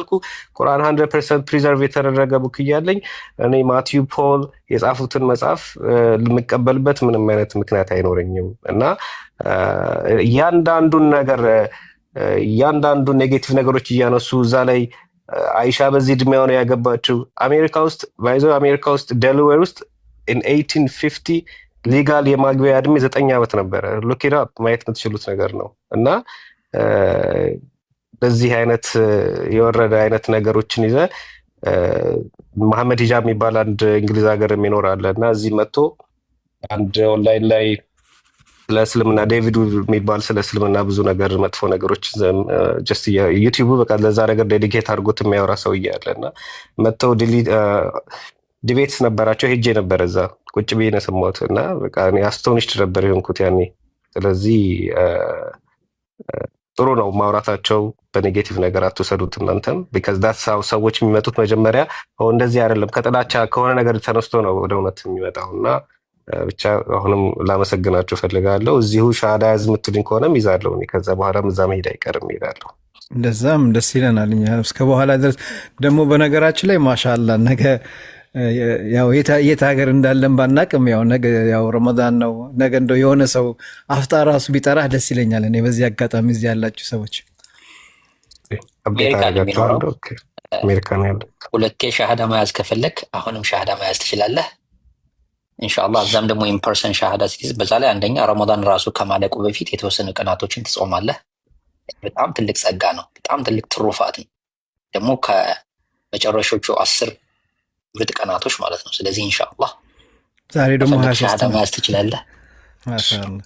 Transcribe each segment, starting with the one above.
የሚጠብቁ ቁርአን ሀንድረድ ፐርሰንት ፕሪዘርቭ የተደረገ ቡክ እያለኝ እኔ ማቲዩ ፖል የጻፉትን መጽሐፍ ልምቀበልበት ምንም አይነት ምክንያት አይኖረኝም እና እያንዳንዱን ነገር እያንዳንዱ ኔጌቲቭ ነገሮች እያነሱ እዛ ላይ አይሻ በዚህ እድሜዋ ነው ያገባችው። አሜሪካ ውስጥ ባይዞ አሜሪካ ውስጥ ደልዌር ውስጥ ኤይቲን ፊፍቲ ሊጋል የማግቢያ እድሜ ዘጠኝ ዓመት ነበረ። ሎኬዳ ማየት የምትችሉት ነገር ነው እና በዚህ አይነት የወረደ አይነት ነገሮችን ይዘ መሐመድ ሂጃብ የሚባል አንድ እንግሊዝ ሀገር የሚኖር አለ እና እዚህ መጥቶ አንድ ኦንላይን ላይ ስለ እስልምና ዴቪድ የሚባል ስለ እስልምና ብዙ ነገር መጥፎ ነገሮች ጀስት ዩቲዩቡ በቃ ለዛ ነገር ዴዲኬት አድርጎት የሚያወራ ሰውዬ አለ እና መጥተው ዲቤትስ ነበራቸው። ሄጄ ነበር እዛ ቁጭ ብዬ ነው የሰማሁት እና በቃ አስቶኒሽድ ነበር የሆንኩት ያኔ ስለዚህ ያው ማውራታቸው በኔጌቲቭ ነገር አትወሰዱት እናንተም ቢካዝ ዳት ሃው ሰዎች የሚመጡት መጀመሪያ እንደዚህ አይደለም ከጥላቻ ከሆነ ነገር ተነስቶ ነው ወደ እውነት የሚመጣው እና ብቻ አሁንም ላመሰግናቸው ፈልጋለሁ። እዚሁ ሻዳ ያዝ የምትልኝ ከሆነ ይዛለሁ። ከዛ በኋላም እዛ መሄድ አይቀርም ይሄዳለሁ። እንደዛም ደስ ይለናል። እስከ በኋላ ድረስ ደግሞ በነገራችን ላይ ማሻላ ነገ ያው የት ሀገር እንዳለን ባናቅም ያው ነገ ያው ረመዳን ነው። ነገ እንደው የሆነ ሰው አፍጣ ራሱ ቢጠራህ ደስ ይለኛል። እኔ በዚህ አጋጣሚ እዚህ ያላችሁ ሰዎች ሁለቴ ሻሃዳ መያዝ ከፈለግ አሁንም ሻሃዳ መያዝ ትችላለህ እንሻላ እዛም ደግሞ ኢምፐርሰን ሻሃዳ ሲይዝ በዛ ላይ አንደኛ ረመዳን ራሱ ከማለቁ በፊት የተወሰኑ ቀናቶችን ትጾማለህ። በጣም ትልቅ ጸጋ ነው። በጣም ትልቅ ትሩፋት ነው ደግሞ ከመጨረሾቹ አስር ምርጥ ቀናቶች ማለት ነው። ስለዚህ ኢንሻአላህ ዛሬ ደግሞ ሻሃዳ መያዝ ትችላለህ።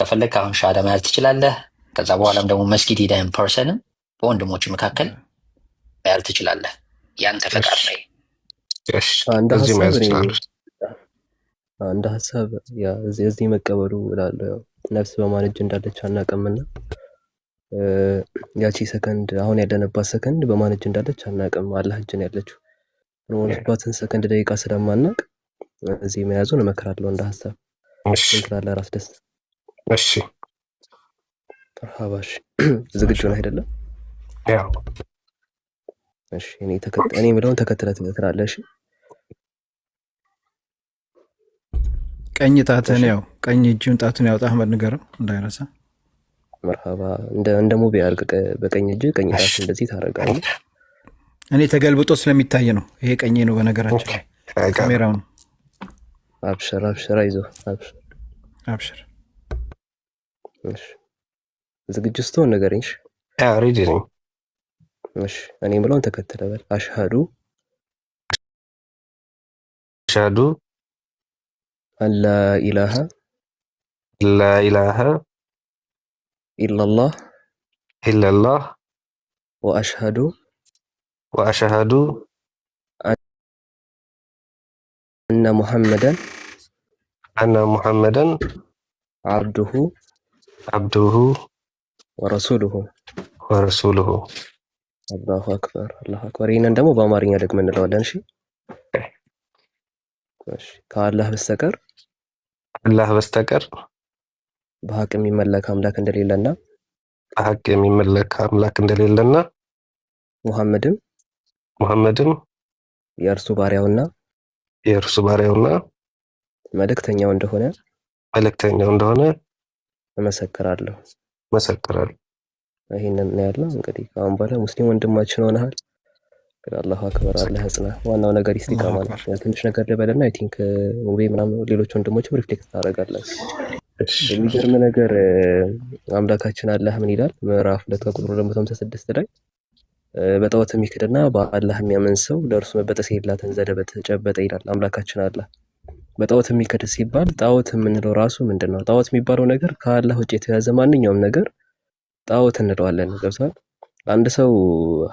ከፈለግ አሁን ሻሃዳ መያዝ ትችላለህ። ከዛ በኋላም ደግሞ መስጊድ ሄዳ ፐርሰንም በወንድሞች መካከል መያዝ ትችላለህ። ያንተ ፈቃድ ነው። አንድ ሀሳብ እዚህ መቀበሉ እላለሁ። ነፍስ በማን እጅ እንዳለች አናውቅምና ያቺ ሰከንድ አሁን ያለንባት ሰከንድ በማን እጅ እንዳለች አናቅም። አላህ እጅ ያለችው ምንሆንባትን ሰከንድ ደቂቃ ስለማናቅ እዚህ መያዙን እመክራለሁ። እንደ ሀሳብ ምክራለ ራስ ደስ እሺ፣ ሀባሽ ዝግጁ ነህ አይደለም? እኔ እኔ የምለውን ተከትለህ ትመክራለህ። እሺ፣ ቀኝ ጣትን ያው ቀኝ እጁን ጣትን ያውጣ አህመድ ንገረው እንዳይረሳ። መርሃባ እንደ ሙቢ አርግ በቀኝ እጅ ቀኝ ጣት እንደዚህ ታደርጋለህ እኔ ተገልብጦ ስለሚታይ ነው። ይሄ ቀኜ ነው በነገራችን ላይ ካሜራው ነው። አብሽር አብሽር፣ አይዞ አብሽር። ዝግጅት ስትሆን ንገረኝ። ሬዲ ነኝ። እኔ የምለውን ተከተለ በል። አሽሃዱ አሽሃዱ አላ ላ ኢላላህ ኢላላህ ወአሽሃዱ ወአሽሀዱ አነ ሙሐመደን አነ ሙሐመደን አብዱሁ አብዱሁ ወረሱሉሁ ወረሱሉሁ። አላሁ አክበር አላሁ አክበር። ይህንን ደግሞ በአማርኛ ደግሞ እንለዋለን። እሺ ከአላህ በስተቀር አላህ በስተቀር በሀቅ የሚመለክ አምላክ እንደሌለና በሀቅ የሚመለክ አምላክ እንደሌለና ሙሐመድም መሐመድም የእርሱ ባሪያውና የእርሱ ባሪያውና መልእክተኛው እንደሆነ መልእክተኛው እንደሆነ እመሰክራለሁ እመሰክራለሁ። ይህንን ያለው እንግዲህ ከአሁን በኋላ ሙስሊም ወንድማችን ሆነሃል። አላሁ አክበር አለ ህጽና ዋናው ነገር ኢስቲቃማ ነው። ትንሽ ነገር ልበልና አይ ቲንክ ሙቤ ምናምን ሌሎች ወንድሞችም ሪፍሌክት ታደርጋለን። የሚገርም ነገር አምላካችን አላህ ምን ይላል? ምዕራፍ ሁለት ከቁጥር ሁለት መቶ ሃምሳ ስድስት ላይ በጣዖት የሚክድና በአላህ የሚያምን ሰው ለእርሱ መበጠስ የሌላትን ዘደ በተጨበጠ ይላል አምላካችን አላህ። በጣዖት የሚክድ ሲባል ጣዖት የምንለው ራሱ ምንድን ነው? ጣዖት የሚባለው ነገር ከአላህ ውጭ የተያዘ ማንኛውም ነገር ጣዖት እንለዋለን። ገብቷል? አንድ ሰው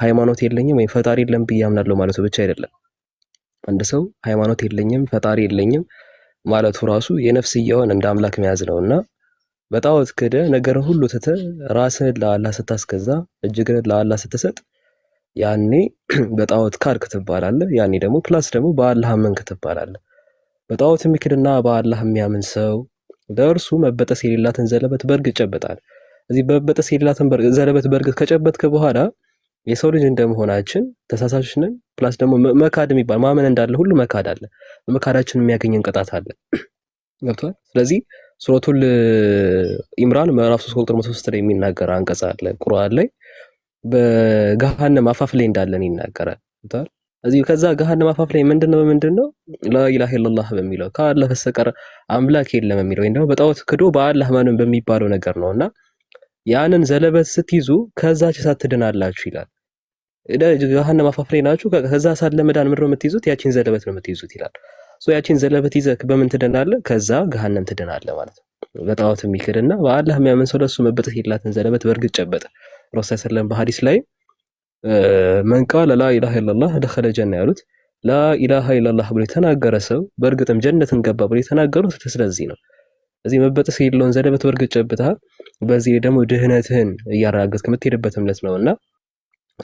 ሃይማኖት የለኝም ወይም ፈጣሪ የለም ብዬ አምናለሁ ማለቱ ብቻ አይደለም። አንድ ሰው ሃይማኖት የለኝም ፈጣሪ የለኝም ማለቱ ራሱ የነፍስ እንደ አምላክ መያዝ ነው እና በጣዖት ክደ ነገር ሁሉ ትተ ራስህን ለአላህ ስታስገዛ እጅግህን ለአላህ ስትሰጥ ያኔ በጣዖት ካድክ ትባላለህ። ያኔ ደግሞ ፕላስ ደግሞ በአላህ አመንክ ትባላለህ። በጣዖት የሚክድና በአላህ የሚያምን ሰው ለእርሱ መበጠስ የሌላትን ዘለበት በርግ ይጨበጣል። እዚህ መበጠስ የሌላትን ዘለበት በርግ ከጨበጥክ በኋላ የሰው ልጅ እንደመሆናችን ተሳሳሽ ነን። ፕላስ ደግሞ መካድ የሚባል ማመን እንዳለ ሁሉ መካድ አለ። በመካዳችን የሚያገኝን ቅጣት አለ። ገብቷል። ስለዚህ ሱረቱል ኢምራን ምዕራፍ 3 ቁጥር 103 ላይ የሚናገር አንቀጽ አለ ቁርአን ላይ በገሃነም አፋፍ ላይ እንዳለን ይናገራል። እዚህ ከዛ ገሃነም አፋፍ ላይ ምንድን ነው በምንድን ነው ላኢላሃ ኢለላህ በሚለው ከአላህ በስተቀር አምላክ የለም በሚለው ወይም ደግሞ በጣዖት ክዶ በአላህ ማንም በሚባለው ነገር ነው እና ያንን ዘለበት ስትይዙ ከዛ እሳት ትድናላችሁ ይላል። ገሃነም አፋፍ ላይ ናችሁ። ከዛ እሳት ለመዳን ምድሮ የምትይዙት ያቺን ዘለበት ነው የምትይዙት ይላል። ያቺን ዘለበት ይዘህ በምን ትድናለህ? ከዛ ገሃነም ትድናለህ ማለት ነው። በጣዖት የሚክድና በአላህ የሚያምን ሰው ለሱ መበጠት የላትን ዘለበት በእርግጥ ጨበጠ። ረሱል ሰለም በሀዲስ ላይ መንቃለ ላኢላሃ ኢለላህ ደኸለ ጀና ያሉት ላኢላሃ ኢለላህ ብሎ የተናገረ ሰው በእርግጥም ጀነትን ገባ ብሎ የተናገሩት ስለዚህ ነው። እዚህ መበጠስ የለውን ዘደበት በእርግጥ ጨብተሃል። በዚህ ደግሞ ድህነትህን እያረጋገጥክ የምትሄድበት እምነት ነው እና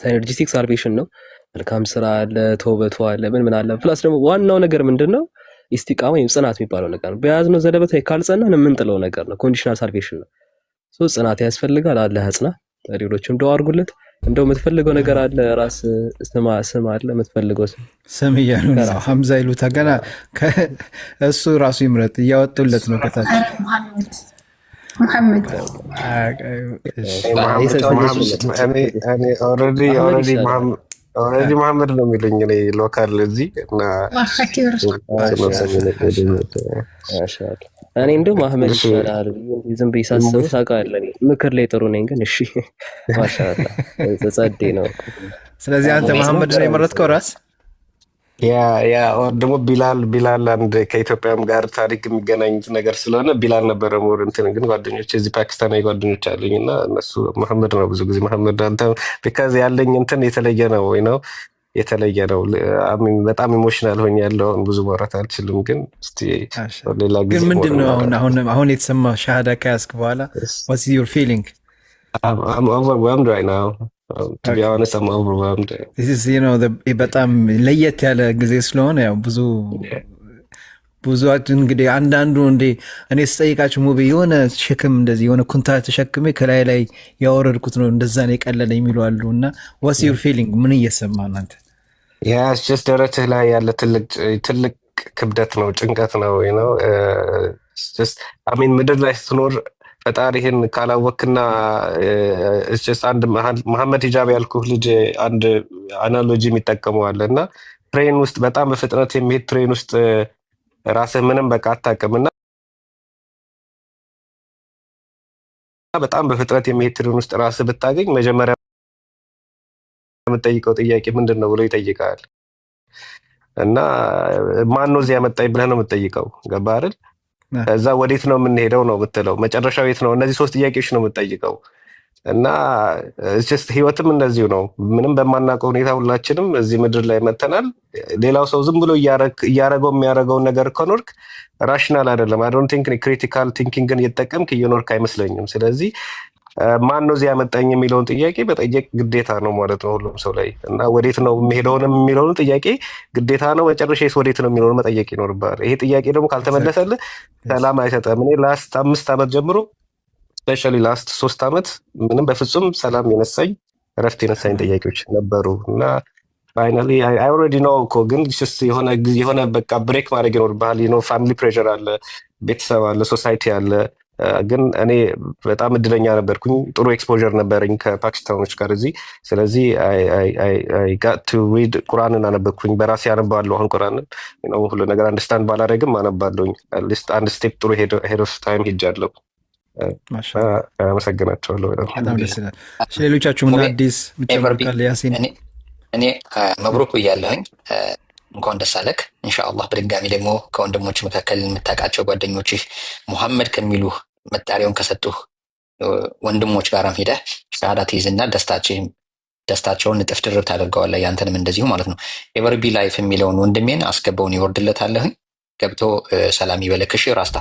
ሳይነርጂስቲክ ሳልቬሽን ነው። መልካም ስራ አለ፣ ተውበቱ አለ፣ ምን ምን አለ። ፕላስ ደግሞ ዋናው ነገር ምንድን ነው? ኢስቲቃማ ወይም ጽናት የሚባለው ነገር ነው። በያዝነው ዘደበት ካልጸናን የምንጥለው ነገር ነው። ኮንዲሽናል ሳልቬሽን ነው። ጽናት ያስፈልጋል። አለህ ጽና ሌሎችም ደው አድርጉለት። እንደው የምትፈልገው ነገር አለ ራስ ስማ ስም አለ የምትፈልገው ስም ስም እያሉ ሀምዛ ይሉታ ገና እሱ ራሱ ይምረጥ እያወጡለት ነው። ከታች መሐመድ ኦልሬዲ መሐመድ ነው የሚሉኝ እኔ ሎካል እዚህ እና እኔ እንደው መሐመድ ይሻላል ዝም ብዬ ሳስብ ታውቃለህ፣ ምክር ላይ ጥሩ ነኝ፣ ግን እሺ ማሻላ ጸዴ ነው። ስለዚህ አንተ መሐመድ ነው የመረጥከው ራስ ያ ያ ደግሞ ቢላል ቢላል አንድ ከኢትዮጵያም ጋር ታሪክ የሚገናኝ ነገር ስለሆነ ቢላል ነበረ ሞር እንትን ግን ጓደኞች እዚህ ፓኪስታናዊ ጓደኞች አሉኝ እና እነሱ መሐመድ ነው ብዙ ጊዜ መሐመድ አንተ ቢካዝ ያለኝ እንትን የተለየ ነው ወይ ነው የተለየ ነው። በጣም ኢሞሽናል ሆኝ ያለውን ብዙ ማውራት አልችልም፣ ግን ሌላ ግን ምንድን ነው አሁን አሁን አሁን የተሰማ ሻሃዳ ከያዝክ በኋላ ዋትስ ዩር ፊሊንግ? በጣም ለየት ያለ ጊዜ ስለሆነ ያው ብዙ ብዙ እንግዲህ አንዳንዱ እንዴ እኔ ስጠይቃቸው ሙቢ የሆነ ሸክም እንደዚህ የሆነ ኩንታ ተሸክሜ ከላይ ላይ ያወረድኩት ነው እንደዛ ነው የቀለለ የሚሉ አሉ። እና ዋስ ዩር ፊሊንግ ምን እየሰማ እናንተ? ያስ ደረትህ ላይ ያለ ትልቅ ክብደት ነው፣ ጭንቀት ነው ነው ምድር ላይ ስትኖር ፈጣሪህን ካላወክና መሀመድ አንድ መሐመድ ሂጃብ ያልኩህ ልጅ አንድ አናሎጂ የሚጠቀመዋል እና ትሬን ውስጥ በጣም በፍጥነት የሚሄድ ትሬን ውስጥ ራስህ ምንም በቃ አታውቅምና በጣም በፍጥነት የሚሄድ ትሬን ውስጥ ራስህ ብታገኝ መጀመሪያ የምጠይቀው ጥያቄ ምንድን ነው ብሎ ይጠይቃል። እና ማን ነው እዚህ ያመጣኝ ብለህ ነው የምጠይቀው። ገባህ አይደል? ከዛ ወዴት ነው የምንሄደው ነው የምትለው፣ መጨረሻው የት ነው? እነዚህ ሶስት ጥያቄዎች ነው የምጠይቀው። እና ህይወትም እንደዚሁ ነው። ምንም በማናውቀው ሁኔታ ሁላችንም እዚህ ምድር ላይ መተናል። ሌላው ሰው ዝም ብሎ እያረገው የሚያደረገውን ነገር ከኖርክ ራሽናል አይደለም። አይ ዶንት ቲንክ ክሪቲካል ቲንኪንግን እየጠቀምክ እየኖርክ አይመስለኝም። ስለዚህ ማን ነው እዚህ ያመጣኝ የሚለውን ጥያቄ መጠየቅ ግዴታ ነው ማለት ነው ሁሉም ሰው ላይ እና ወዴት ነው የሚሄደውን የሚለውን ጥያቄ ግዴታ ነው። መጨረሻ ወዴት ነው የሚለውን መጠየቅ ይኖርብሃል። ይሄ ጥያቄ ደግሞ ካልተመለሰል ሰላም አይሰጠም። እኔ ላስት አምስት ዓመት ጀምሮ ስፔሻሊ ላስት ሶስት ዓመት ምንም በፍጹም ሰላም የነሳኝ እረፍት የነሳኝ ጥያቄዎች ነበሩ እና ፋይናሊ አይ ኦልሬዲ ነው እኮ ግን የሆነ በቃ ብሬክ ማድረግ ይኖርብሃል። ፋሚሊ ፕሬዠር አለ፣ ቤተሰብ አለ፣ ሶሳይቲ አለ ግን እኔ በጣም እድለኛ ነበርኩኝ። ጥሩ ኤክስፖዠር ነበረኝ ከፓኪስታኖች ጋር እዚህ። ስለዚህ ሪድ ቁርአንን አነበኩኝ። በራሴ አነባለሁ። አሁን ቁርአንን ሁሉ ነገር አንድስታንድ ባላደረግም አነባለሁኝ። አንድ ስቴፕ ጥሩ ሄድ ኦፍ ታይም ሄጃለሁ። አመሰግናቸዋለሁ። ሌሎቻችሁ ምን አዲስ እኔ መብሩክ ብያለሁኝ። እንኳን ደስ እንሻ አላህ በድጋሚ ደግሞ ከወንድሞች መካከል የምታውቃቸው ጓደኞችህ ሙሐመድ ከሚሉ መጣሪያውን ከሰጡህ ወንድሞች ጋራም ሄደ ሻሃዳ ትይዝና ደስታቸውን ንጥፍ ድርብ ታደርገዋለ። ያንተንም እንደዚሁ ማለት ነው። ኤቨርቢ ላይፍ የሚለውን ወንድሜን አስገባውን ይወርድለታለሁኝ ገብቶ ሰላም ይበለክሽ ራስታ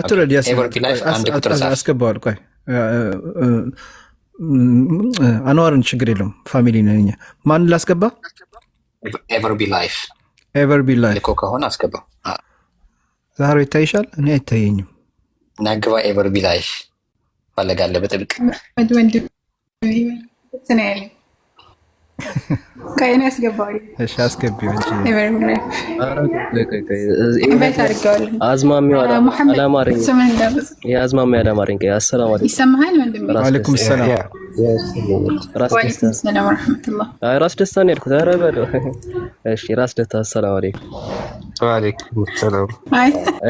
አትረድ አስገባዋል። ቆይ አኗርን ችግር የለውም ፋሚሊ ነኛ ማን ላስገባ? ኤቨርቢ ላይፍ ኤቨርቢ ላይፍ እኮ ከሆነ አስገባ። ዛሬ ይታይሻል፣ እኔ አይታየኝም። ናግባ ኤቨር ቢላይሽ ፈለጋለ በጥብቅ ወንድ ከእኔ አስገባው። እሺ አስገቢው እንጂ አዝማሚው አላማረኝ። አላማረኝ። አሰላሙ አለይኩም። ሰላም። ራስ ደስታ ነው ያልኩት። ኧረ በለው። እሺ ራስ ደስታ አሰላሙ አለይኩም።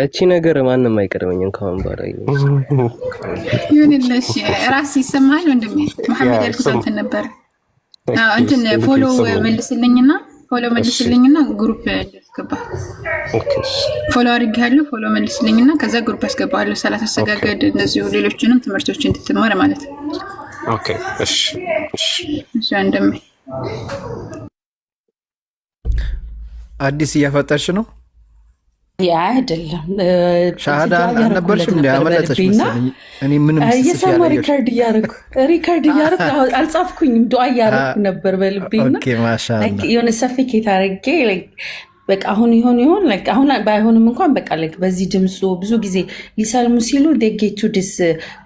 እቺ ነገር ማንም አይቀድመኝም ከአሁን በኋላ ይሁንልሽ። ራስ ይሰማሃል ወንድሜ? መሐመድ ያልኩት አንተን ነበር እንትን ፎሎ መልስልኝና ፎሎ መልስልኝና ግሩፕ ያስገባ ፎሎ አድርጌያለሁ። ፎሎ መልስልኝና ከዛ ግሩፕ ያስገባለሁ። ሰላት አሰጋገድ ሌሎችንም ትምህርቶች እንድትማር ማለት ነው። እሺ፣ እሺ አዲስ እያፈጠርሽ ነው። ያ አይደለም ሻሃዳ አልነበርሽም እንዲ አመለጠሽ እኔ ምንም የሰማ ሪከርድ እያረኩ ሪከርድ እያረኩ አልጻፍኩኝም፣ ዱዐ እያረኩ ነበር በልቤና የሆነ ሰፊኬት አድርጌ በቃ አሁን ይሆን ይሆን አሁን ባይሆንም እንኳን በቃ ላይክ በዚህ ድምፁ ብዙ ጊዜ ሊሰልሙ ሲሉ ጌቱ ዲስ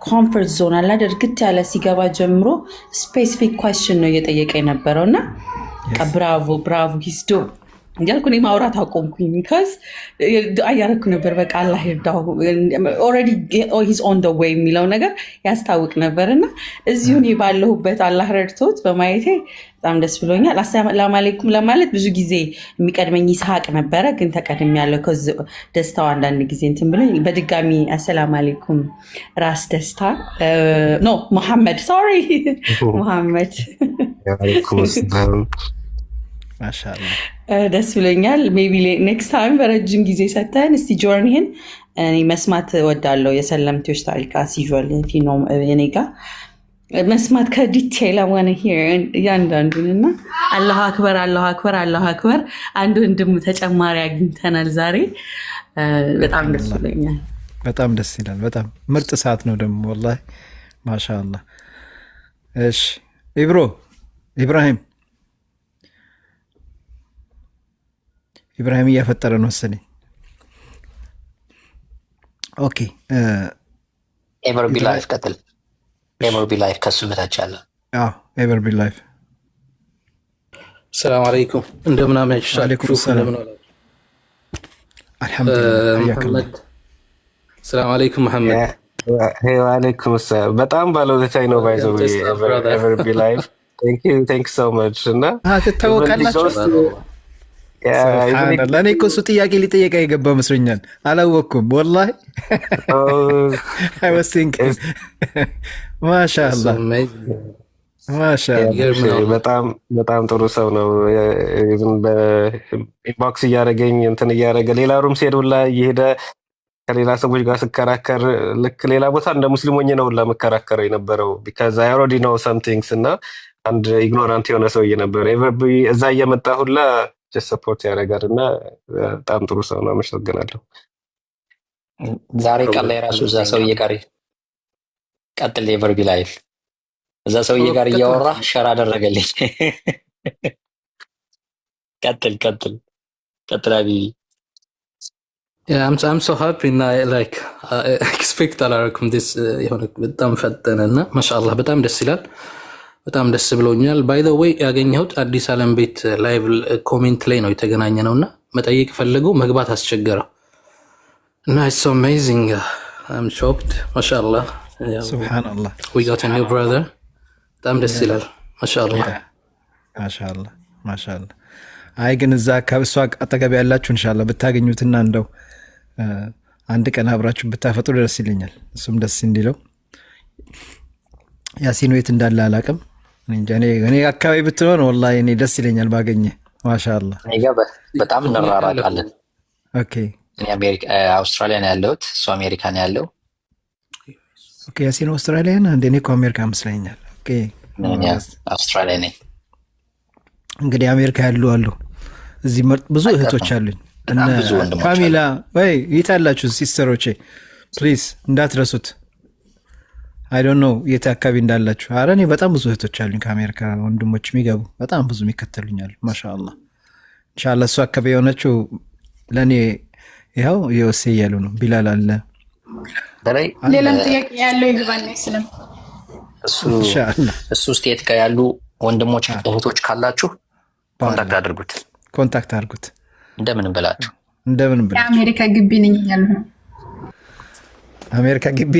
ኮንፈርት ዞን አላ እርግት ያለ ሲገባ ጀምሮ ስፔሲፊክ ኳስሽን ነው እየጠየቀ የነበረው እና ብራቮ ብራቮ ሂስዶ እያልኩ እኔ ማውራት አቆምኩኝ። ቢካዝ አያረኩ ነበር በቃ አላህ ይርዳው ኦልሬዲ ሂዝ ኦን ደ ዌይ የሚለው ነገር ያስታውቅ ነበር እና እዚሁ እኔ ባለሁበት አላህ ረድቶት በማየቴ በጣም ደስ ብሎኛል። አሰላሙ አለይኩም ለማለት ብዙ ጊዜ የሚቀድመኝ ይስሐቅ ነበረ፣ ግን ተቀድሜ ያለው ከዚ ደስታው አንዳንድ ጊዜ እንትን ብሎ በድጋሚ አሰላሙ አለይኩም ራስ ደስታ ኖ መሐመድ ሶሪ መሐመድ ደስ ብሎኛል። ሜይ ቢ ኔክስት ታይም በረጅም ጊዜ ሰተን እስቲ ጆርኒህን እኔ መስማት ወዳለው የሰለምቴዎች ታሪክ አስይዟል እኔ ጋ መስማት ከዲቴይል ዋነ እያንዳንዱን እና አላሁ አክበር አላሁ አክበር አላሁ አክበር። አንድ ወንድም ተጨማሪ አግኝተናል ዛሬ። በጣም ደስ ብሎኛል። በጣም ደስ ይላል። በጣም ምርጥ ሰዓት ነው ደግሞ ወላሂ ማሻአላህ። እሺ ኢብሮ ኢብራሂም ኢብራሂም እያፈጠረ ነው መሰለኝ። ኦኬ ኤቨር ቢ ላይፍ ቀጥል። ኤቨር ቢ ላይፍ ከሱ በታች አለ። ኤቨር ቢ ላይፍ ሰላም አለይኩም፣ እንደምናመሻችሁ። ሰላም አለይኩም መሐመድ። ዋለይኩም ሰላም። በጣም ባለውለታይ ነው ባይዘ ኤቨር ቢ ላይፍ። ቴንክ ዩ ሶ ማች እና ትታወቃላችሁ ለእኔ እኮ እሱ ጥያቄ ሊጠየቀ የገባ መስሎኛል። አላወቅኩም ወላሂ። ማሻአላ በጣም ጥሩ ሰው ነው። ኢንቦክስ እያደረገኝ እንትን እያደረገ ሌላ ሩም ሲሄድ ሁላ እየሄደ ከሌላ ሰዎች ጋር ስከራከር ልክ ሌላ ቦታ እንደ ሙስሊም ሙስሊሞኝ ነው ሁላ የምከራከረው የነበረው ቢካዝ አይ ኦልሬዲ ነው ሰምቲንግስ እና አንድ ኢግኖራንት የሆነ ሰውዬ ነበር። እዛ እየመጣ ሁላ ሰፖርት ያደርጋል እና በጣም ጥሩ ሰው ነው። አመሰግናለሁ። ዛሬ ቀን ላይ ራሱ እዛ ሰውዬ ጋር ቀጥል የበርቢ ላይል እዛ ሰውዬ ጋር እያወራ ሸር አደረገልኝ። ቀጥል ቀጥል ቀጥል ሀቢቢ አም ሶ ሃፒ እና ላይክ ኤክስፔክት አላደረኩም። ስ የሆነ በጣም ፈጠነ እና ማሻአላህ በጣም ደስ ይላል። በጣም ደስ ብሎኛል። ባይ ዘ ዌይ ያገኘሁት አዲስ አለም ቤት ላይቭ ኮሜንት ላይ ነው የተገናኘ ነው እና መጠየቅ ፈለገው መግባት አስቸገረው እና ኢትስ አሜዚንግ አም ሾክድ ማሻላ ዊጋት ኒው ብራዘር በጣም ደስ ይላል። ማሻላ ማሻላ ማሻላ። አይ ግን እዛ እሷ አጠገብ ያላችሁ እንሻላ ብታገኙትና እንደው አንድ ቀን አብራችሁ ብታፈጥሩ ደስ ይለኛል። እሱም ደስ እንዲለው ያሲን የት እንዳለ አላቅም። እኔ አካባቢ ብትሆን ወላ እኔ ደስ ይለኛል ባገኘ። ማሻላ በጣም እንራራቃለን። አውስትራሊያ ነው ያለሁት፣ እሱ አሜሪካ ነው ያለው። ያሲን አውስትራሊያ ነህ? እንደ እኔ እኮ አሜሪካ ይመስለኛል። አውስትራሊያ ነኝ። እንግዲህ አሜሪካ ያሉ አሉ። እዚህ ብዙ እህቶች አሉኝ። ካሚላ ወይ የት አላችሁ ሲስተሮቼ? ፕሊዝ እንዳትረሱት። አይ ነው የት አካባቢ እንዳላችሁ። አረ እኔ በጣም ብዙ እህቶች አሉኝ ከአሜሪካ ወንድሞች የሚገቡ በጣም ብዙ የሚከተሉኛሉ። ማሻላ እንሻላ እሱ አካባቢ የሆነችው ለእኔ ይኸው የወሴ እያሉ ነው። ቢላል አለ ሌላም ጥያቄ ያለው ይግባል ስለም እሱ ስቴት ጋር ያሉ ወንድሞች እህቶች ካላችሁ ኮንታክት አድርጉት፣ ኮንታክት አድርጉት። እንደምን ብላችሁ እንደምን ብላችሁ አሜሪካ ግቢ ነኝ ያሉ ነው አሜሪካ ግቢ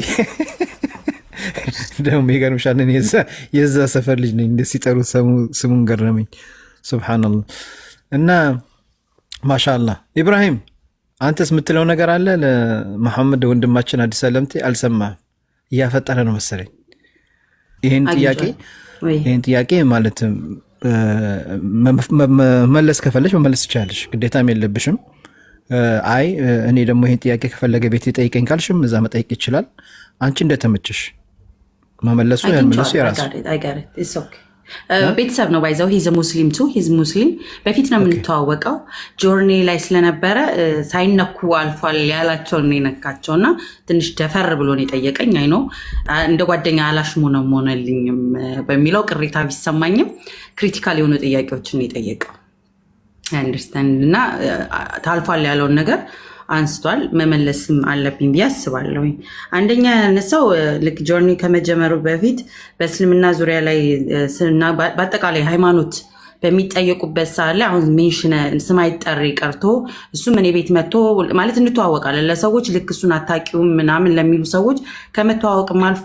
ደግሞ ይገርምሻል፣ የዛ ሰፈር ልጅ ነኝ። እንደ ሲጠሩ ስሙን ገረመኝ። ሱብሓነላህ። እና ማሻአላህ ኢብራሂም፣ አንተስ የምትለው ነገር አለ? ለመሐመድ ወንድማችን አዲስ አለምቴ አልሰማህም። እያፈጠረ ነው መሰለኝ ይህን ጥያቄ ይህን ጥያቄ ማለት መመለስ ከፈለሽ መመለስ ትችላለሽ፣ ግዴታም የለብሽም። አይ እኔ ደግሞ ይህን ጥያቄ ከፈለገ ቤት ጠይቀኝ ካልሽም እዛ መጠየቅ ይችላል። አንቺ እንደተመችሽ መመለሱ ያመለሱ የራሱ uh, ቤተሰብ ነው። ባይዘው ሂዝ ሙስሊም ቱ ሂዝ ሙስሊም በፊት ነው የምንተዋወቀው። ጆርኔ ላይ ስለነበረ uh, ሳይነኩ አልፏል ያላቸውን የነካቸው እና ትንሽ ደፈር ብሎን የጠየቀኝ። አይኖ እንደ ጓደኛ አላሽሙ ነው መሆነልኝም በሚለው ቅሬታ ቢሰማኝም ክሪቲካል የሆኑ ጥያቄዎችን የጠየቀው አንደርስታንድ እና uh, ታልፏል ያለውን ነገር አንስቷል። መመለስም አለብኝ ብዬ አስባለሁ። አንደኛ ያነሳው ልክ ጆርኒ ከመጀመሩ በፊት በእስልምና ዙሪያ ላይ በአጠቃላይ ሃይማኖት በሚጠየቁበት ሰዓት ላይ አሁን ሜንሽን ስም አይጠሪ ቀርቶ እሱም እኔ ቤት መጥቶ ማለት እንተዋወቃለን ለሰዎች ልክ እሱን አታውቂውም ምናምን ለሚሉ ሰዎች ከመተዋወቅም አልፎ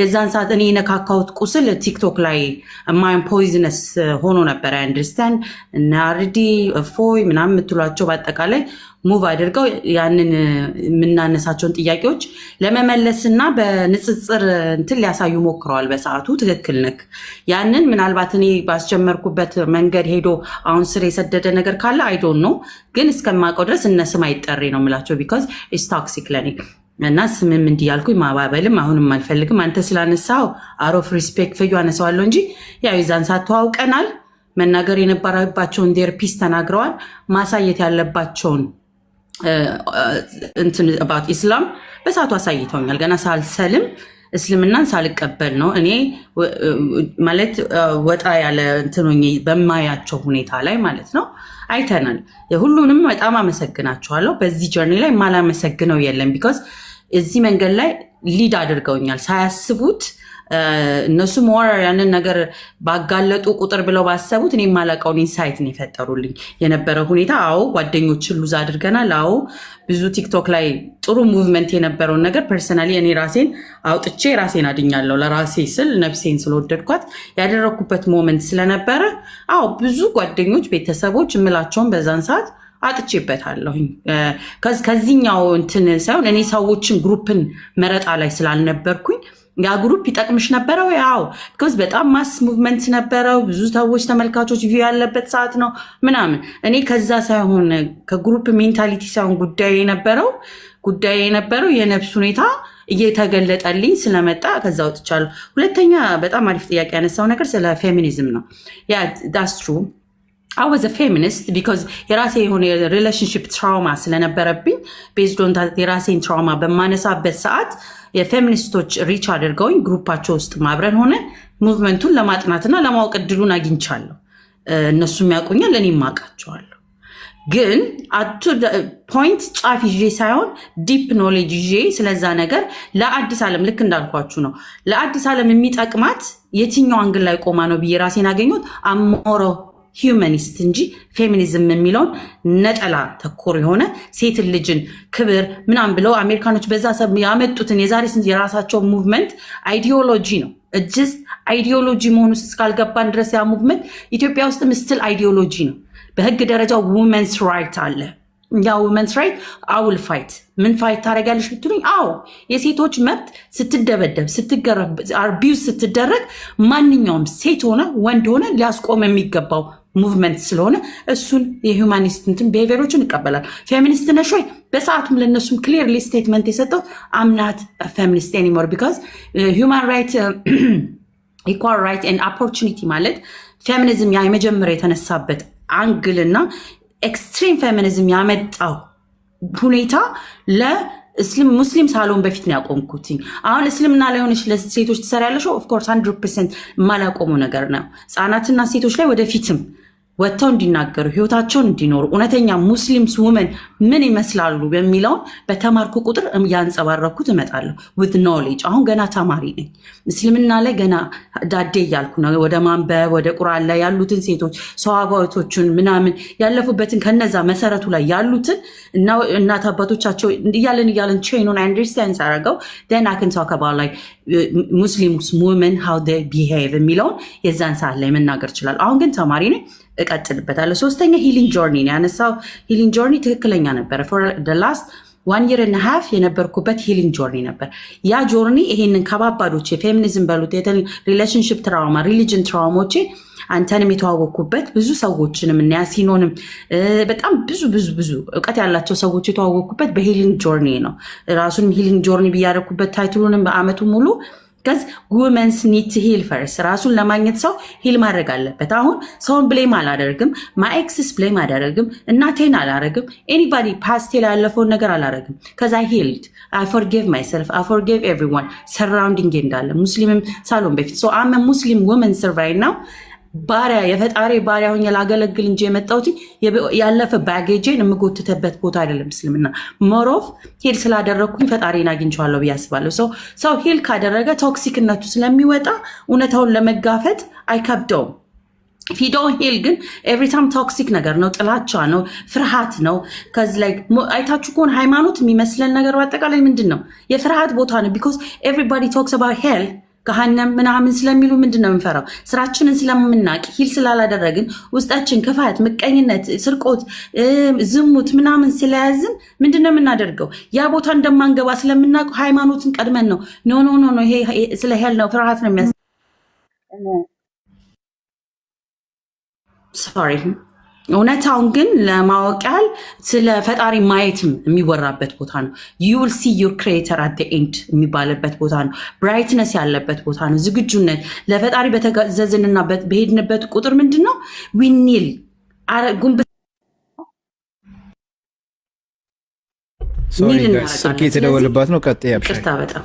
የዛን ሰዓት እኔ የነካካሁት ቁስል ቲክቶክ ላይ ማይን ፖይዝነስ ሆኖ ነበር። አንደርስታንድ ናርዲ ፎይ ምናምን የምትሏቸው በአጠቃላይ ሙቭ አድርገው ያንን የምናነሳቸውን ጥያቄዎች ለመመለስና በንጽጽር እንትን ሊያሳዩ ሞክረዋል። በሰዓቱ ትክክል ነክ ያንን ምናልባት እኔ ባስጀመርኩበት መንገድ ሄዶ አሁን ስር የሰደደ ነገር ካለ አይዶን ነው፣ ግን እስከማውቀው ድረስ እነ ስም ነው የምላቸው። ቢካዝ ኢስ ለኔ እና ስምም እንዲህ ያልኩኝ ማባበልም አሁንም አልፈልግም። አንተ ስላነሳው አሮፍ ሪስፔክት ፍዩ አነሳዋለሁ እንጂ ያው ይዛን ሳተዋውቀናል ተዋውቀናል። መናገር የነበረባቸውን ዴርፒስ ተናግረዋል። ማሳየት ያለባቸውን እንትን አባት ኢስላም በሰዓቱ አሳይተውኛል። ገና ሳልሰልም እስልምናን ሳልቀበል ነው እኔ ማለት ወጣ ያለ እንትኖ በማያቸው ሁኔታ ላይ ማለት ነው አይተናል። የሁሉንም በጣም አመሰግናቸዋለሁ። በዚህ ጀርኒ ላይ ማላመሰግነው የለም። ቢኮዝ እዚህ መንገድ ላይ ሊድ አድርገውኛል ሳያስቡት እነሱ ሞር ያንን ነገር ባጋለጡ ቁጥር ብለው ባሰቡት እኔ የማላውቀውን ኢንሳይት ነው የፈጠሩልኝ የነበረ ሁኔታ። አዎ ጓደኞችን ሉዝ አድርገናል። አዎ ብዙ ቲክቶክ ላይ ጥሩ ሙቭመንት የነበረውን ነገር ፐርሰናሊ እኔ ራሴን አውጥቼ ራሴን አድኛለሁ። ለራሴ ስል ነፍሴን ስለወደድኳት ያደረግኩበት ሞመንት ስለነበረ አዎ ብዙ ጓደኞች፣ ቤተሰቦች እምላቸውን በዛን ሰዓት አጥቼበታለሁኝ። ከዚህኛው እንትን ሳይሆን እኔ ሰዎችን ግሩፕን መረጣ ላይ ስላልነበርኩኝ ያ ግሩፕ ይጠቅምሽ ነበረው? ያው ቢኮዝ በጣም ማስ ሙቭመንት ነበረው። ብዙ ሰዎች ተመልካቾች ቪው ያለበት ሰዓት ነው ምናምን። እኔ ከዛ ሳይሆን ከግሩፕ ሜንታሊቲ ሳይሆን ጉዳይ የነበረው ጉዳይ የነበረው የነፍስ ሁኔታ እየተገለጠልኝ ስለመጣ ከዛ ወጥቻለሁ። ሁለተኛ በጣም አሪፍ ጥያቄ ያነሳው ነገር ስለ ፌሚኒዝም ነው ያ ዳስ ትሩ አወዘ ፌሚኒስት ቢካዝ የራሴ የሆነ ሪሌሽንሽፕ ትራውማ ስለነበረብኝ ቤዝዶን የራሴን ትራውማ በማነሳበት ሰዓት የፌሚኒስቶች ሪች አድርገውኝ ግሩፓቸው ውስጥ ማብረን ሆነ ሙቭመንቱን ለማጥናትና ለማወቅ እድሉን አግኝቻለሁ። እነሱ የሚያውቁኛል፣ እኔም አውቃቸዋለሁ። ግን አቱ ፖይንት ጫፍ ይዤ ሳይሆን ዲፕ ኖሌጅ ይዤ ስለዛ ነገር ለአዲስ ዓለም ልክ እንዳልኳችሁ ነው። ለአዲስ ዓለም የሚጠቅማት የትኛው አንግል ላይ ቆማ ነው ብዬ ራሴን አገኘሁት አሞረው ሂዩመኒስት እንጂ ፌሚኒዝም የሚለውን ነጠላ ተኮር የሆነ ሴትን ልጅን ክብር ምናምን ብለው አሜሪካኖች በዛ ሰብ ያመጡትን የዛሬ ስንት የራሳቸው ሙቭመንት አይዲዮሎጂ ነው። እጅስ አይዲዮሎጂ መሆኑ እስካልገባን ድረስ ያ ሙቭመንት ኢትዮጵያ ውስጥ ምስል አይዲዮሎጂ ነው። በህግ ደረጃ ውመንስ ራይት አለ። ያ ውመንስ ራይት አውል ፋይት ምን ፋይት ታደርጋለች ብትሉኝ፣ አዎ የሴቶች መብት ስትደበደብ አቢዩዝ ስትደረግ ማንኛውም ሴት ሆነ ወንድ ሆነ ሊያስቆም የሚገባው ሙቭመንት ስለሆነ እሱን የሁማኒስትን ቢሄቪየሮችን ይቀበላል። ፌሚኒስት ነሽ ወይ? በሰዓቱም ለእነሱም ክሊርሊ ስቴትመንት የሰጠው አምናት ፌሚኒስት ኒሞር ቢካዝ ሁማን ራይት ኢኳል ራይት ኤንድ ኦፖርቹኒቲ ማለት ፌሚኒዝም ያ የመጀመሪያ የተነሳበት አንግልና ኤክስትሪም ፌሚኒዝም ያመጣው ሁኔታ ለ ሙስሊም ሳልሆን በፊት ነው ያቆምኩት። አሁን እስልምና ላይ ሆነሽ ሴቶች ትሰሪያለሽ። ኦፍኮርስ 100 ፐርሰንት የማላቆመው ነገር ነው ህጻናትና ሴቶች ላይ ወደፊትም ወጥተው እንዲናገሩ ህይወታቸውን እንዲኖሩ እውነተኛ ሙስሊምስ ውመን ምን ይመስላሉ የሚለውን በተማርኩ ቁጥር ያንጸባረኩት እመጣለሁ። ዊዝ ኖሌጅ አሁን ገና ተማሪ ነኝ። እስልምና ላይ ገና ዳዴ እያልኩ ነው። ወደ ማንበብ ወደ ቁርአን ላይ ያሉትን ሴቶች ሰዋጓቶችን ምናምን ያለፉበትን ከነዛ መሰረቱ ላይ ያሉትን እናት አባቶቻቸው እያለን እያለን ቼኑን አንደርስታንድ ሳረገው ደን አክንሳው ከባላ ላይ ሙስሊም ውመን ሃው ቢሄቭ የሚለውን የዛን ሰዓት ላይ መናገር ይችላል። አሁን ግን ተማሪ ነኝ። እቀጥልበታለሁ። ሶስተኛ ሂሊንግ ጆርኒ ነው ያነሳው። ሂሊንግ ጆርኒ ትክክለኛ ነበረ። ፎር ደ ላስት ዋን የር እና ሀፍ የነበርኩበት ሂሊንግ ጆርኒ ነበር። ያ ጆርኒ ይሄንን ከባባዶች ፌሚኒዝም በሉት ሪሌሽንሽፕ ትራውማ፣ ሪሊጅን ትራውሞቼ አንተንም የተዋወቅኩበት ብዙ ሰዎችንም እና ያሲኖንም በጣም ብዙ ብዙ ብዙ እውቀት ያላቸው ሰዎች የተዋወቅኩበት በሂሊንግ ጆርኒ ነው። ራሱንም ሂሊንግ ጆርኒ ብያደረግኩበት ታይትሉንም በአመቱ ሙሉ ከዚ ውመንስ ኒድ ቱ ሂል ፈርስ ራሱን ለማግኘት ሰው ሂል ማድረግ አለበት። አሁን ሰውን ብሌም አላደርግም፣ ማኤክስስ ብሌም አላደርግም፣ እናቴን አላደርግም፣ ኤኒባዲ ፓስቴ ያለፈውን ነገር አላደርግም። ከዛ ሂልድ አይ ፎርጌቭ ማይሰልፍ አይ ፎርጌቭ ኤቭሪዋን ሰራውንዲንግ እንዳለ ሙስሊምም ሳሎን በፊት ሶ አመ ሙስሊም ውመን ስርቫይ ነው። ባሪያ የፈጣሪ ባሪያ ሆኜ ላገለግል እንጂ የመጣሁት ያለፈ ባጌጄን የምጎትተበት ቦታ አይደለም። እስልምና ሞሮፍ ሂል ስላደረግኩኝ ፈጣሪን አግኝቼዋለሁ ብዬ አስባለሁ። ሰው ሰው ሂል ካደረገ ቶክሲክነቱ ስለሚወጣ እውነታውን ለመጋፈጥ አይከብደውም። ፊዶ ሂል ግን ኤቭሪታም ቶክሲክ ነገር ነው፣ ጥላቻ ነው፣ ፍርሃት ነው። ከዚ ላይ አይታችሁ ከሆነ ሃይማኖት የሚመስለን ነገር በአጠቃላይ ምንድን ነው? የፍርሃት ቦታ ነው። ቢኮዝ ኤቭሪባዲ ቶክስ አባውት ሄል ገሃነም ምናምን ስለሚሉ ምንድን ነው የምንፈራው? ስራችንን ስለምናቅ ሂል ስላላደረግን ውስጣችን ክፋት፣ ምቀኝነት፣ ስርቆት፣ ዝሙት ምናምን ስለያዝን ምንድን ነው የምናደርገው? ያ ቦታ እንደማንገባ ስለምናውቅ ሃይማኖትን ቀድመን ነው ኖ ኖ ኖ ኖ ስለ ሄል ነው ፍርሃት ነው የሚያስ እውነታውን ግን ለማወቅ ያህል ስለ ፈጣሪ ማየትም የሚወራበት ቦታ ነው። ዩል ሲ ዩር ክሬተር አት ኤንድ የሚባልበት ቦታ ነው። ብራይትነስ ያለበት ቦታ ነው። ዝግጁነት ለፈጣሪ በተገዘዝንና በሄድንበት ቁጥር ምንድን ነው ዊኒል ጉንብ የተደወልባት ነው። ቀጥይ። በጣም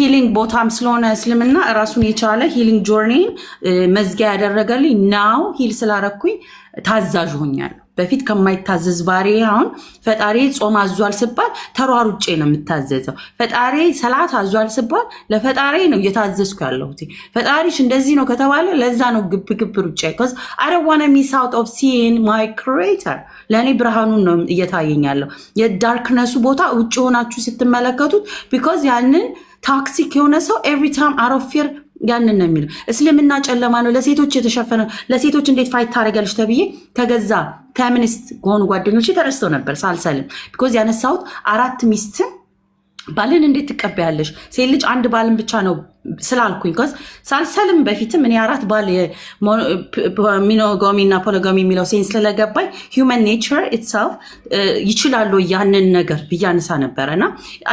ሂሊንግ ቦታም ስለሆነ እስልምና ራሱን የቻለ ሂሊንግ ጆርኒን መዝጊያ ያደረገልኝ ናው ሂል ስላረኩኝ ታዛዥ ሆኛለሁ። በፊት ከማይታዘዝ ባሬ አሁን ፈጣሪ ጾም አዟል ስባል ተሯሩጬ ነው የምታዘዘው። ፈጣሪ ሰላት አዟል ስባል ለፈጣሪ ነው እየታዘዝኩ ያለሁት። ፈጣሪሽ እንደዚህ ነው ከተባለ ለዛ ነው ግብ ግብ ሩጬ ኮዝ አደዋነ ሚስ አውት ኦፍ ሲን ማይ ክሬተር። ለእኔ ብርሃኑን ነው እየታየኛለሁ። የዳርክነሱ ቦታ ውጭ የሆናችሁ ስትመለከቱት ቢኮዝ ያንን ታክሲክ የሆነ ሰው ኤቭሪ ታይም አሮፌር ያንን ነው የሚለው። እስልምና ጨለማ ነው፣ ለሴቶች የተሸፈነ ለሴቶች እንዴት ፋይት ታደርጊያለሽ ተብዬ ከገዛ ፌሚኒስት ከሆኑ ጓደኞች ተረስተው ነበር ሳልሰልም ቢኮዝ ያነሳሁት አራት ሚስትን ባልን እንዴት ትቀበያለሽ? ሴት ልጅ አንድ ባልን ብቻ ነው ስላልኩኝ ኮዝ ሳልሰልም በፊትም እኔ አራት ባል ሚኖጎሚ እና ፖሎጎሚ የሚለው ሴን ስለገባኝ ሂውመን ኔቸር ኢትሰልፍ ይችላሉ ያንን ነገር ብያነሳ ነበረ እና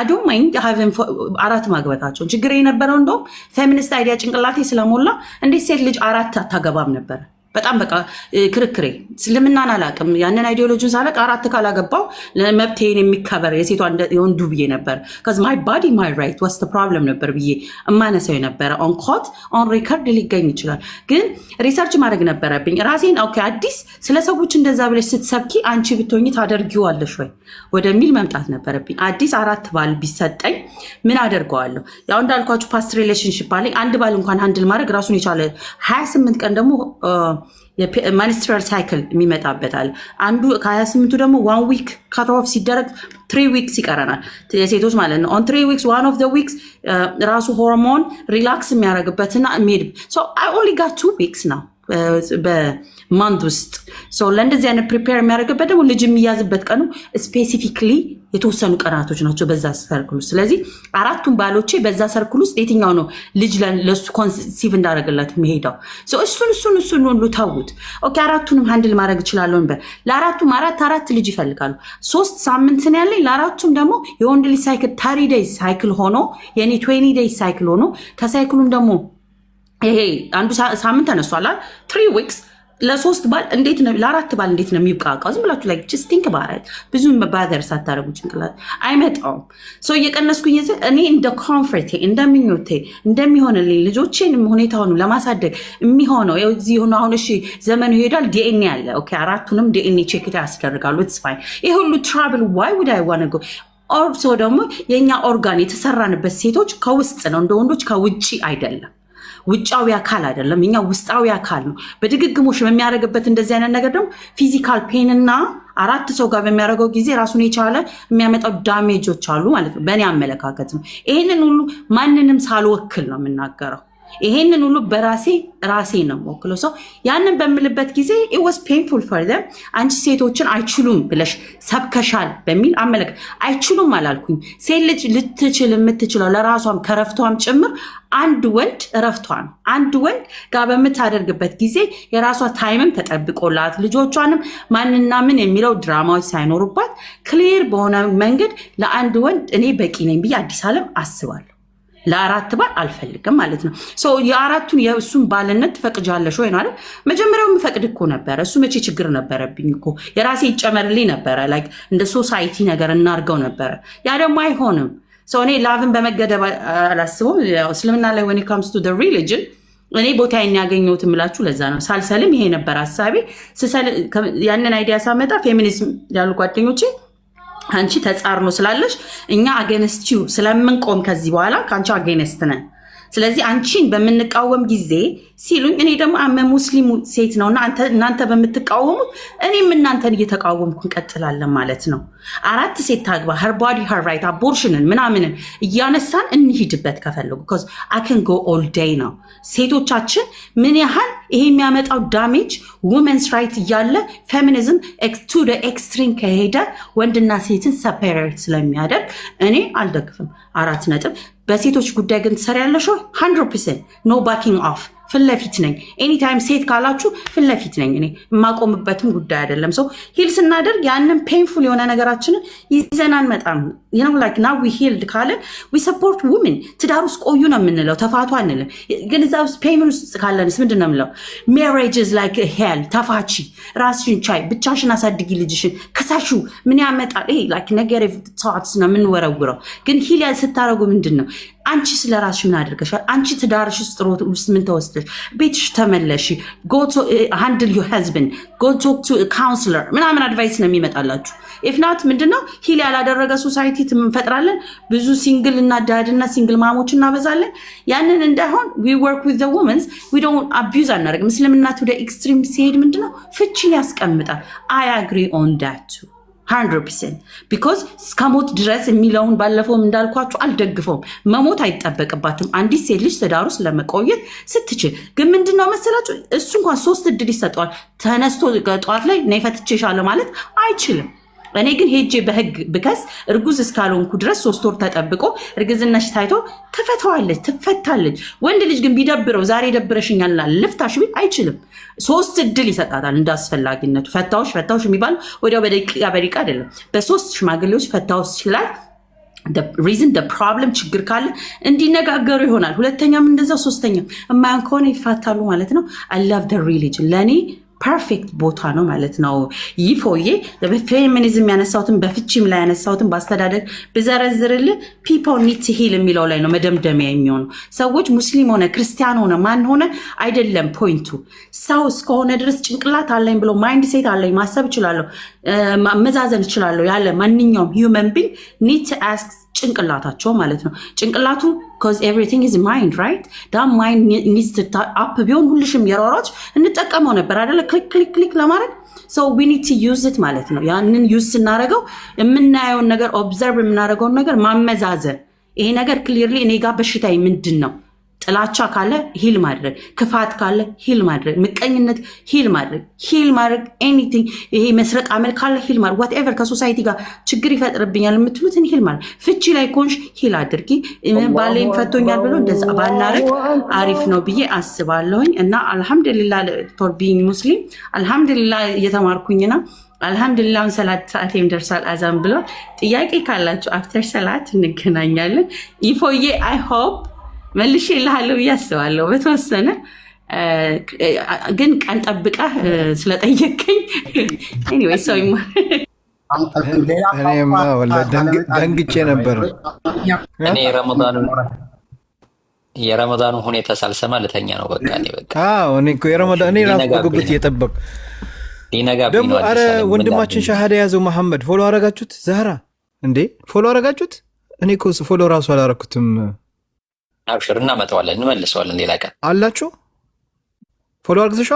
አዶን ማይንድ አራት ማግበታቸው ችግር የነበረው እንደውም ፌሚኒስት አይዲያ ጭንቅላቴ ስለሞላ እንዴት ሴት ልጅ አራት አታገባም ነበረ በጣም በቃ ክርክሬ እስልምናን አላቅም። ያንን አይዲዮሎጂን ሳለቅ አራት ካላገባው መብቴን የሚከበር የሴቷ የወንዱ ብዬ ነበር። ከዚ ማይ ባዲ ማይ ራይት ዋስ ፕሮብለም ነበር ብዬ እማነሳው የነበረ ኦን ኮት ኦን ሪከርድ ሊገኝ ይችላል። ግን ሪሰርች ማድረግ ነበረብኝ ራሴን። ኦኬ አዲስ ስለ ሰዎች እንደዛ ብለሽ ስትሰብኪ አንቺ ብትሆኝ ታደርጊዋለሽ ወይ ወደሚል መምጣት ነበረብኝ። አዲስ አራት ባል ቢሰጠኝ ምን አደርገዋለሁ? ያው እንዳልኳችሁ ፓስት ሪሌሽንሽፕ አለኝ። አንድ ባል እንኳን ሀንድል ማድረግ ራሱን የቻለ ሀያ ስምንት ቀን ደግሞ የማኒስትራል ሳይክል የሚመጣበታል። አንዱ ከ28ቱ ደግሞ ዋን ዊክ ካት ኦፍ ሲደረግ ትሪ ዊክስ ይቀረናል፣ የሴቶች ማለት ነው። ኦን ትሪ ዊክስ ዋን ኦፍ ዘ ዊክስ ራሱ ሆርሞን ሪላክስ የሚያደርግበትና ሜድ ኦንሊ ጋት ቱ ዊክስ ነው ማንት ውስጥ ለእንደዚህ አይነት ፕሪፔር የሚያደርግበት ደግሞ ልጅ የሚያዝበት ቀኑ ስፔሲፊክሊ የተወሰኑ ቀናቶች ናቸው በዛ ሰርክል ውስጥ። ስለዚህ አራቱን ባሎቼ በዛ ሰርክል ውስጥ የትኛው ነው ልጅ ለሱ ኮንሲቭ እንዳደረግላት የሚሄዳው? እሱን እሱን እሱን ሁሉ ተዉት። ኦኬ አራቱንም ሀንድል ማድረግ እችላለሁ በል። ለአራቱም አራት አራት ልጅ ይፈልጋሉ። ሶስት ሳምንት ነው ያለኝ። ለአራቱም ደግሞ የወንድ ልጅ ሳይክል ታሪ ደይ ሳይክል ሆኖ የኔ ትዌኒ ደይ ሳይክል ሆኖ ከሳይክሉም ደግሞ ይሄ አንዱ ሳምንት ተነሷላል ትሪ ዊክስ ለሶስት ባል እንዴት ነው ለአራት ባል እንዴት ነው የሚብቃቃው? ዝም ብላችሁ ላይ ጀስት ቲንክ ባረት ብዙ ባዘር ሳታደረጉ ጭንቅላት አይመጣውም። ሰው እየቀነስኩኝ እየዘ እኔ እንደ ኮንፈርቴ እንደ ምኞቴ እንደሚሆንልኝ ልጆችን ሁኔታውን ለማሳደግ የሚሆነው እዚህ ሆኖ አሁን እሺ ዘመኑ ይሄዳል። ዲኤንኤ አለ። ኦኬ አራቱንም ዲኤንኤ ቼክ ያስደርጋሉ። ኢትስ ስፋይ ይሄ ሁሉ ትራቭል ዋይ ውድ አይዋነገ ኦርሶ ደግሞ የእኛ ኦርጋን የተሰራንበት ሴቶች ከውስጥ ነው እንደ ወንዶች ከውጭ አይደለም። ውጫዊ አካል አይደለም፣ እኛ ውስጣዊ አካል ነው። በድግግሞሽ በሚያደርግበት እንደዚህ አይነት ነገር ደግሞ ፊዚካል ፔን እና አራት ሰው ጋር በሚያደርገው ጊዜ ራሱን የቻለ የሚያመጣው ዳሜጆች አሉ ማለት ነው። በእኔ አመለካከት ነው። ይህንን ሁሉ ማንንም ሳልወክል ነው የምናገረው። ይሄንን ሁሉ በራሴ ራሴ ነው ወክሎ ሰው ያንን በምልበት ጊዜ ኢወስ ፔንፉል ፈር ዘም አንቺ ሴቶችን አይችሉም ብለሽ ሰብከሻል በሚል አመለክ አይችሉም አላልኩኝ። ሴት ልጅ ልትችል የምትችለው ለራሷም ከረፍቷም ጭምር አንድ ወንድ ረፍቷ ነው። አንድ ወንድ ጋር በምታደርግበት ጊዜ የራሷ ታይምም ተጠብቆላት ልጆቿንም ማንና ምን የሚለው ድራማዎች ሳይኖሩባት ክሊር በሆነ መንገድ ለአንድ ወንድ እኔ በቂ ነኝ ብዬ አዲስ አለም አስባል ለአራት ባል አልፈልግም ማለት ነው። የአራቱን የእሱን ባልነት ትፈቅጃለሽ ወይ ነው መጀመሪያው የምፈቅድ እኮ ነበረ። እሱ መቼ ችግር ነበረብኝ እኮ የራሴ ይጨመርልኝ ነበረ። ላይክ እንደ ሶሳይቲ ነገር እናርገው ነበረ። ያ ደግሞ አይሆንም። ሰው እኔ ላቭን በመገደብ አላስበም። እስልምና ላይ ወን ካምስ ቱ ሪሊጅን እኔ ቦታ ያገኘሁት የምላችሁ ለዛ ነው። ሳልሰልም ይሄ ነበር ሀሳቤ። ያንን አይዲያ ሳመጣ ፌሚኒዝም ያሉ ጓደኞቼ አንቺ ተጻርኖ ነው ስላለሽ እኛ አገነስቲው ስለምንቆም ከዚህ በኋላ ከአንቺ አገነስት ነን ስለዚህ አንቺን በምንቃወም ጊዜ ሲሉኝ እኔ ደግሞ አመ ሙስሊሙ ሴት ነው እና እናንተ በምትቃወሙት እኔም እናንተን እየተቃወምኩ እንቀጥላለን ማለት ነው። አራት ሴት ታግባ ሀር ባዲ ሀር ራይት አቦርሽንን ምናምንን እያነሳን እንሂድበት ከፈለጉ አክን ጎ ኦል ዴይ ነው። ሴቶቻችን ምን ያህል ይሄ የሚያመጣው ዳሜጅ ውመንስ ራይት እያለ ፌሚኒዝም ቱ ኤክስትሪም ከሄደ ወንድና ሴትን ሰፐሬት ስለሚያደርግ እኔ አልደግፍም። አራት ነጥብ። በሴቶች ጉዳይ ግን ትሰሪ ያለሽ ሀንድረድ ፐርሰንት ኖ ባኪንግ ኦፍ ፍለፊት ነኝ። ኤኒታይም ሴት ካላችሁ ፍለፊት ነኝ። እኔ የማቆምበትም ጉዳይ አይደለም። ሰው ሂል ስናደርግ ያንን ፔንፉል የሆነ ነገራችንን ይዘናን መጣም ነው ላይክ ና ዊ ሂልድ ካለ ዊ ሰፖርት ውምን ትዳር ውስጥ ቆዩ ነው የምንለው፣ ተፋቱ አንልም። ግን እዛ ውስጥ ፔይመንት ውስጥ ካለንስ ምንድን ነው የምለው? ሜሬጅዝ ላይክ ሄል ተፋቺ፣ ራስሽን ቻይ፣ ብቻሽን አሳድጊ ልጅሽን። ክሳሹ ምን ያመጣል? ይሄ ላይክ ነገሬቭ ታትስ ነው የምንወረውረው። ግን ሂል ስታደረጉ ምንድን ነው አንቺ ስለ ራስሽ ምን አድርገሻል? አንቺ ትዳርሽ ውስጥ ምን ተወስደሽ? ቤትሽ ተመለሽ። ጎቶ ሃንድል ዩ ሀዝብን ጎ ቶክ ቱ ካውንስለር ምናምን አድቫይስ ነው የሚመጣላችሁ። ኢፍናት ምንድነው ሂል ያላደረገ ሶሳይቲ እንፈጥራለን። ብዙ ሲንግል እና ዳድና ሲንግል ማሞች እናበዛለን። ያንን እንዳይሆን ዊ ወርክ ዊዝ ዘ ውመንስ ዊ ዶንት አቢዩዝ አናደርግም። እስልምናት ወደ ኤክስትሪም ሲሄድ ምንድነው ፍቺን ያስቀምጣል። አይ አግሪ ኦን ዳት ሀንድረድ ፐርሰንት ቢኮዝ እስከ ሞት ድረስ የሚለውን ባለፈውም እንዳልኳችሁ አልደግፈውም። መሞት አይጠበቅባትም አንዲት ሴት ልጅ ትዳር ውስጥ ለመቆየት ስትችል። ግን ምንድን ነው መሰላችሁ እሱ እንኳን ሶስት እድል ይሰጠዋል። ተነስቶ ጠዋት ላይ ነይ ፈትቼሻለሁ ማለት አይችልም። እኔ ግን ሄጄ በህግ ብከስ እርጉዝ እስካልሆንኩ ድረስ ሶስት ወር ተጠብቆ እርግዝናሽ ታይቶ ትፈተዋለች፣ ትፈታለች። ወንድ ልጅ ግን ቢደብረው ዛሬ ደብረሽኛል ልፍታሽ ቢል አይችልም። ሶስት እድል ይሰጣታል እንደ አስፈላጊነቱ። ፈታዎች ፈታዎች የሚባል ወዲያው በደቂቃ በደቂቃ አይደለም፣ በሶስት ሽማግሌዎች ፈታዎች ይችላል። ሪዝን ፕሮብለም ችግር ካለ እንዲነጋገሩ ይሆናል። ሁለተኛም እንደዛ፣ ሶስተኛም የማያን ከሆነ ይፋታሉ ማለት ነው። አይ ላቭ ሪሊጅን ለእኔ ፐርፌክት ቦታ ነው ማለት ነው። ይህ ፎዬ ፌሚኒዝም ያነሳሁትን በፍቺም ላይ ያነሳሁትን በአስተዳደር ብዘረዝርል ፒፖ ኒት ሂል የሚለው ላይ ነው መደምደሚያ የሚሆነው። ሰዎች ሙስሊም ሆነ ክርስቲያን ሆነ ማን ሆነ አይደለም ፖይንቱ። ሰው እስከሆነ ድረስ ጭንቅላት አለኝ ብሎ ማይንድ ሴት አለኝ ማሰብ እችላለሁ፣ መዛዘን እችላለሁ ያለ ማንኛውም ሂውመን ቢንግ ኒት አስክ ጭንቅላታቸው ማለት ነው ጭንቅላቱ ኮዝ ኤቭሪቲንግ ኢዝ ማይንድ ራይት ዳ ማይንድ ኒድስ አፕ ቢሆን ሁልሽም የሯሯች እንጠቀመው ነበር አይደለ? ክሊክ ክሊክ ክሊክ ለማድረግ ሰው ዊ ኒድ ቱ ዩዝ ኢት ማለት ነው። ያንን ዩዝ ስናደረገው የምናየውን ነገር ኦብዘርቭ የምናደረገውን ነገር ማመዛዘን ይሄ ነገር ክሊርሊ እኔ ጋር በሽታዬ ምንድን ነው ጥላቻ ካለ ሂል ማድረግ፣ ክፋት ካለ ሂል ማድረግ፣ ምቀኝነት ሂል ማድረግ ሂል ማድረግ ኤኒቲንግ ይሄ መስረቅ አመል ካለ ሂል ማድረግ ዋትኤቨር ከሶሳይቲ ጋር ችግር ይፈጥርብኛል የምትሉትን ሂል ማድረግ። ፍቺ ላይ ኮንሽ ሂል አድርጊ። ባሌን ፈቶኛል ብሎ እንደዛ ባናረግ አሪፍ ነው ብዬ አስባለሁኝ። እና አልሐምዱሊላ ፎር ቢንግ ሙስሊም አልሐምድሊላ እየተማርኩኝና አልሐምዱሊላህ ሰላት ሰዓቴም ደርሷል። አዛን ብሏል። ጥያቄ ካላችሁ አፍተር ሰላት እንገናኛለን። ይፎዬ አይ ሆፕ መልሼ እልሃለሁ ብዬ አስባለሁ። በተወሰነ ግን ቀን ጠብቀህ ስለጠየቀኝ ሰው ደንግጬ ነበር። እኔ የረመዳኑ ሁኔታ ሳልሰማ ልተኛ ነው። በቃ እኔ ራሱ በጉጉት እየጠበቅ ደግሞ አረ ወንድማችን ሻሃዳ የያዘው መሐመድ ፎሎ አረጋችሁት? ዛህራ እንዴ ፎሎ አረጋችሁት? እኔ ፎሎ ራሱ አላረኩትም። አብሽር፣ እናመጣዋለን፣ እንመልሰዋለን ሌላ ቀን አላችሁ። ፎሎ አርግዝሸዋል